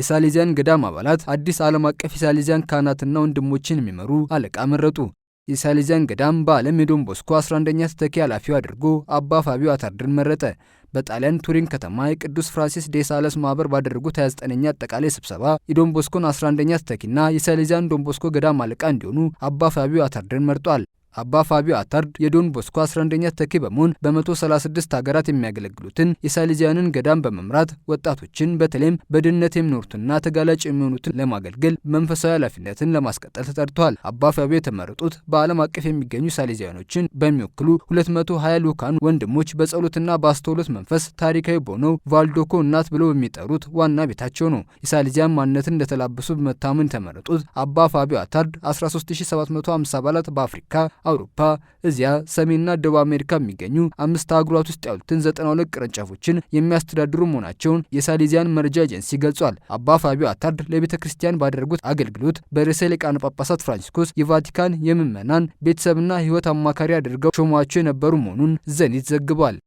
የሳሌዚያን ገዳም አባላት አዲስ ዓለም አቀፍ የሳሌዚያን ካህናትና ወንድሞችን የሚመሩ አለቃ መረጡ። የሳሌዚያን ገዳም በዓለም የዶን ቦስኮ 11ኛ ተተኪ ኃላፊው አድርጎ አባ ፋቢዮ አታርድን መረጠ። በጣሊያን ቱሪን ከተማ የቅዱስ ፍራንሲስ ዴሳለስ ማህበር ባደረጉት 29ኛ አጠቃላይ ስብሰባ የዶንቦስኮን 11ኛ ተተኪና የሳሌዚያን ዶንቦስኮ ገዳም አለቃ እንዲሆኑ አባ ፋቢዮ አታርድን መርጧል። አባ ፋቢዮ አታርድ የዶን ቦስኮ 11ኛ ተኪ በመሆን በ136 ሀገራት የሚያገለግሉትን የሳሊዚያንን ገዳም በመምራት ወጣቶችን በተለይም በድህነት የሚኖሩትና ተጋላጭ የሚሆኑትን ለማገልገል መንፈሳዊ ኃላፊነትን ለማስቀጠል ተጠርተዋል። አባ ፋቢዮ የተመረጡት በዓለም አቀፍ የሚገኙ ሳሊዚያኖችን በሚወክሉ 220 ልኡካን ወንድሞች በጸሎትና በአስተውሎት መንፈስ ታሪካዊ በሆነው ቫልዶኮ እናት ብለው የሚጠሩት ዋና ቤታቸው ነው። የሳሊዚያን ማንነትን እንደተላበሱ በመታመን የተመረጡት አባ ፋቢዮ አታርድ 13750 አባላት በአፍሪካ አውሮፓ እዚያ ሰሜንና ደቡብ አሜሪካ የሚገኙ አምስት አህጉራት ውስጥ ያሉትን 92 ቅርንጫፎችን የሚያስተዳድሩ መሆናቸውን የሳሌዚያን መረጃ ኤጀንሲ ገልጿል። አባ ፋቢዮ አታርድ ለቤተ ክርስቲያን ባደረጉት አገልግሎት በርዕሰ ሊቃነ ጳጳሳት ፍራንሲስኮስ የቫቲካን የምዕመናን ቤተሰብና ሕይወት አማካሪ አድርገው ሾሟቸው የነበሩ መሆኑን ዘኒት ዘግቧል።